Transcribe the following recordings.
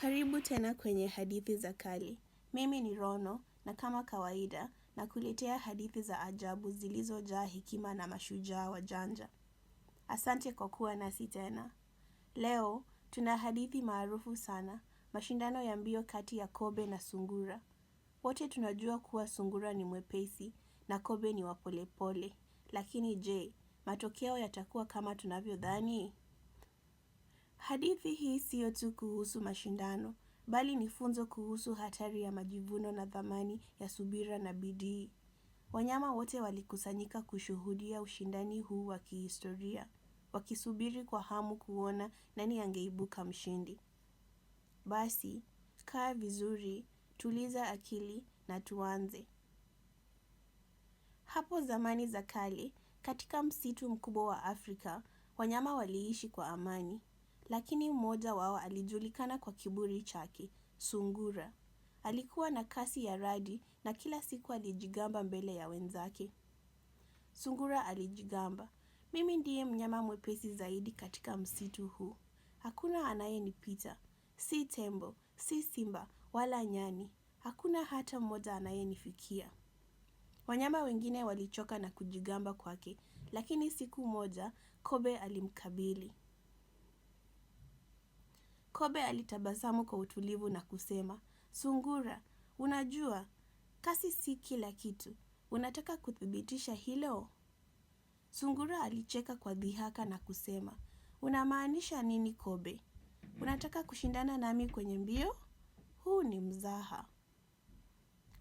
Karibu tena kwenye hadithi za kale. Mimi ni Rono na kama kawaida nakuletea hadithi za ajabu zilizojaa hekima na mashujaa wajanja. Asante kwa kuwa nasi tena. Leo tuna hadithi maarufu sana, mashindano ya mbio kati ya kobe na sungura. Wote tunajua kuwa sungura ni mwepesi na kobe ni wa polepole. Lakini je, matokeo yatakuwa kama tunavyodhani? Hadithi hii siyo tu kuhusu mashindano, bali ni funzo kuhusu hatari ya majivuno na thamani ya subira na bidii. Wanyama wote walikusanyika kushuhudia ushindani huu wa kihistoria, wakisubiri kwa hamu kuona nani angeibuka mshindi. Basi, kaa vizuri, tuliza akili na tuanze. Hapo zamani za kale, katika msitu mkubwa wa Afrika, wanyama waliishi kwa amani lakini mmoja wao alijulikana kwa kiburi chake, Sungura. Alikuwa na kasi ya radi na kila siku alijigamba mbele ya wenzake. Sungura alijigamba, mimi ndiye mnyama mwepesi zaidi katika msitu huu. Hakuna anayenipita, si tembo, si simba, wala nyani. Hakuna hata mmoja anayenifikia. Wanyama wengine walichoka na kujigamba kwake, lakini siku moja, kobe alimkabili. Kobe alitabasamu kwa utulivu na kusema, Sungura, unajua, kasi si kila kitu. Unataka kuthibitisha hilo? Sungura alicheka kwa dhihaka na kusema, unamaanisha nini Kobe? Unataka kushindana nami kwenye mbio? Huu ni mzaha.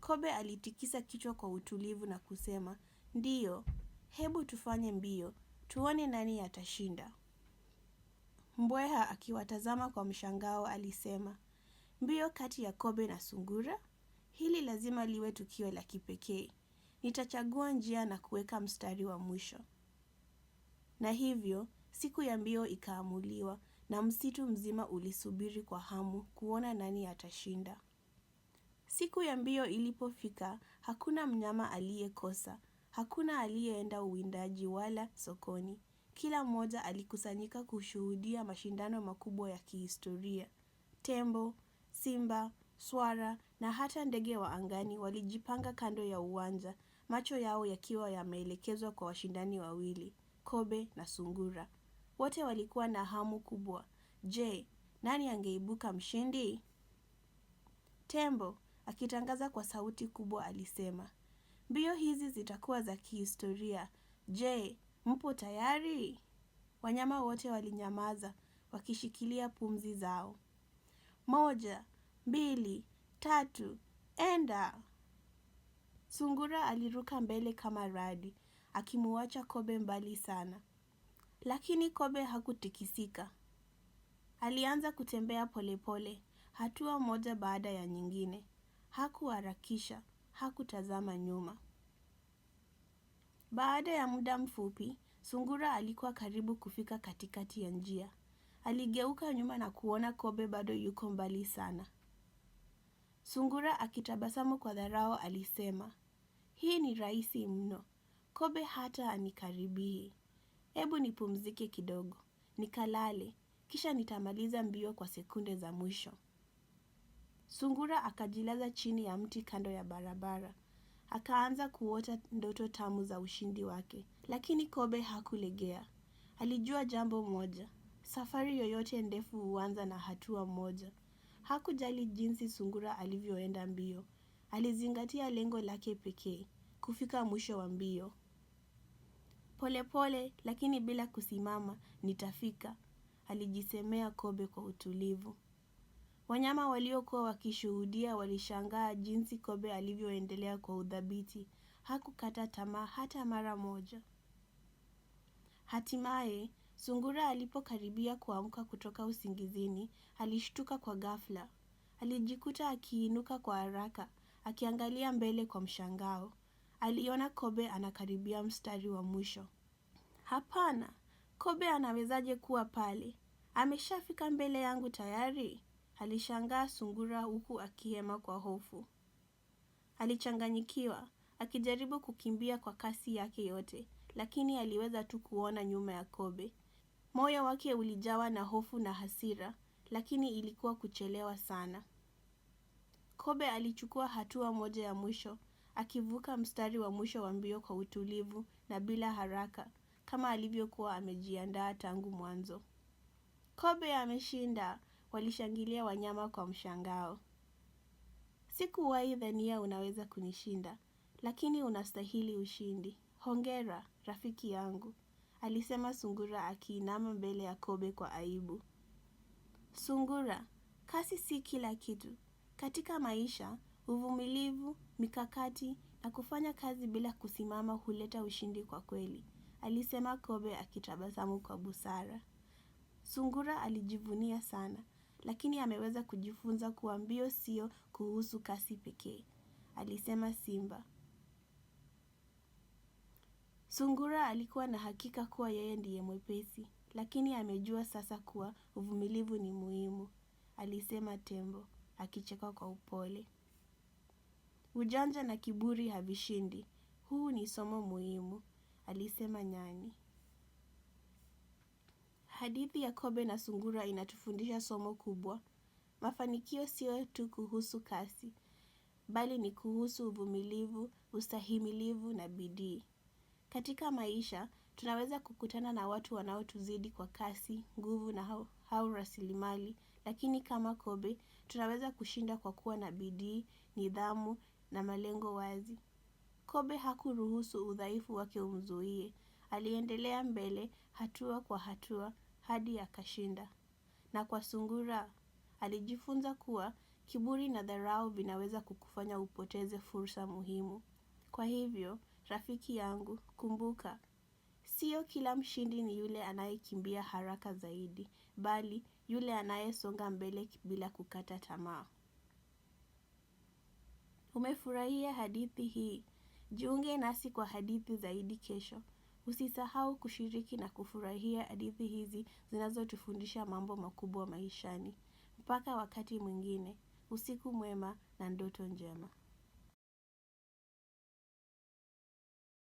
Kobe alitikisa kichwa kwa utulivu na kusema, ndiyo, hebu tufanye mbio, tuone nani atashinda. Mbweha akiwatazama kwa mshangao alisema. Mbio kati ya kobe na sungura? Hili lazima liwe tukio la kipekee. Nitachagua njia na kuweka mstari wa mwisho. Na hivyo, siku ya mbio ikaamuliwa na msitu mzima ulisubiri kwa hamu kuona nani atashinda. Siku ya mbio ilipofika, hakuna mnyama aliyekosa, hakuna aliyeenda uwindaji wala sokoni. Kila mmoja alikusanyika kushuhudia mashindano makubwa ya kihistoria. Tembo, simba, swara na hata ndege wa angani walijipanga kando ya uwanja, macho yao yakiwa yameelekezwa kwa washindani wawili, kobe na sungura. Wote walikuwa na hamu kubwa. Je, nani angeibuka mshindi? Tembo, akitangaza kwa sauti kubwa alisema. Mbio hizi zitakuwa za kihistoria. Je, Mpo tayari? Wanyama wote walinyamaza, wakishikilia pumzi zao. Moja, mbili, tatu, enda! Sungura aliruka mbele kama radi, akimuacha kobe mbali sana. Lakini kobe hakutikisika. Alianza kutembea polepole, hatua moja baada ya nyingine. Hakuharakisha, hakutazama nyuma. Baada ya muda mfupi, sungura alikuwa karibu kufika katikati ya njia. Aligeuka nyuma na kuona kobe bado yuko mbali sana. Sungura akitabasamu kwa dharau alisema. Hii ni rahisi mno. Kobe hata anikaribii. hebu nipumzike kidogo. Nikalale. Kisha nitamaliza mbio kwa sekunde za mwisho. Sungura akajilaza chini ya mti kando ya barabara akaanza kuota ndoto tamu za ushindi wake. Lakini Kobe hakulegea. Alijua jambo moja. Safari yoyote ndefu huanza na hatua moja. Hakujali jinsi sungura alivyoenda mbio. Alizingatia lengo lake pekee, kufika mwisho wa mbio. Polepole lakini bila kusimama, nitafika. Alijisemea Kobe kwa utulivu. Wanyama waliokuwa wakishuhudia walishangaa jinsi kobe alivyoendelea kwa udhabiti Hakukata tamaa hata mara moja. Hatimaye, sungura alipokaribia kuamka kutoka usingizini, alishtuka kwa ghafla. Alijikuta akiinuka kwa haraka, akiangalia mbele kwa mshangao. Aliona kobe anakaribia mstari wa mwisho. Hapana, kobe anawezaje kuwa pale? Ameshafika mbele yangu tayari? Alishangaa sungura huku akihema kwa hofu. Alichanganyikiwa, akijaribu kukimbia kwa kasi yake yote, lakini aliweza tu kuona nyuma ya kobe. Moyo wake ulijawa na hofu na hasira, lakini ilikuwa kuchelewa sana. Kobe alichukua hatua moja ya mwisho, akivuka mstari wa mwisho wa mbio kwa utulivu na bila haraka, kama alivyokuwa amejiandaa tangu mwanzo. Kobe ameshinda, walishangilia wanyama kwa mshangao. Sikuwahi dhania unaweza kunishinda, lakini unastahili ushindi. Hongera, rafiki yangu. Alisema sungura akiinama mbele ya kobe kwa aibu. Sungura, kasi si kila kitu. Katika maisha, uvumilivu, mikakati na kufanya kazi bila kusimama huleta ushindi kwa kweli. Alisema kobe akitabasamu kwa busara. Sungura alijivunia sana lakini ameweza kujifunza kuwa mbio sio kuhusu kasi pekee, alisema Simba. Sungura alikuwa na hakika kuwa yeye ndiye mwepesi, lakini amejua sasa kuwa uvumilivu ni muhimu, alisema Tembo akicheka kwa upole. Ujanja na kiburi havishindi, huu ni somo muhimu, alisema nyani. Hadithi ya kobe na sungura inatufundisha somo kubwa. Mafanikio siyo tu kuhusu kasi. Bali ni kuhusu uvumilivu, ustahimilivu na bidii. Katika maisha, tunaweza kukutana na watu wanaotuzidi kwa kasi, nguvu na au rasilimali. Lakini kama kobe, tunaweza kushinda kwa kuwa na bidii, nidhamu na malengo wazi. Kobe hakuruhusu udhaifu wake umzuie. Aliendelea mbele hatua kwa hatua hadi akashinda. Na kwa Sungura, alijifunza kuwa kiburi na dharau vinaweza kukufanya upoteze fursa muhimu. Kwa hivyo, rafiki yangu, kumbuka. Sio kila mshindi ni yule anayekimbia haraka zaidi, bali yule anayesonga mbele bila kukata tamaa. Umefurahia hadithi hii. Jiunge nasi kwa hadithi zaidi kesho. Usisahau kushiriki na kufurahia hadithi hizi zinazotufundisha mambo makubwa maishani. Mpaka wakati mwingine, usiku mwema na ndoto njema.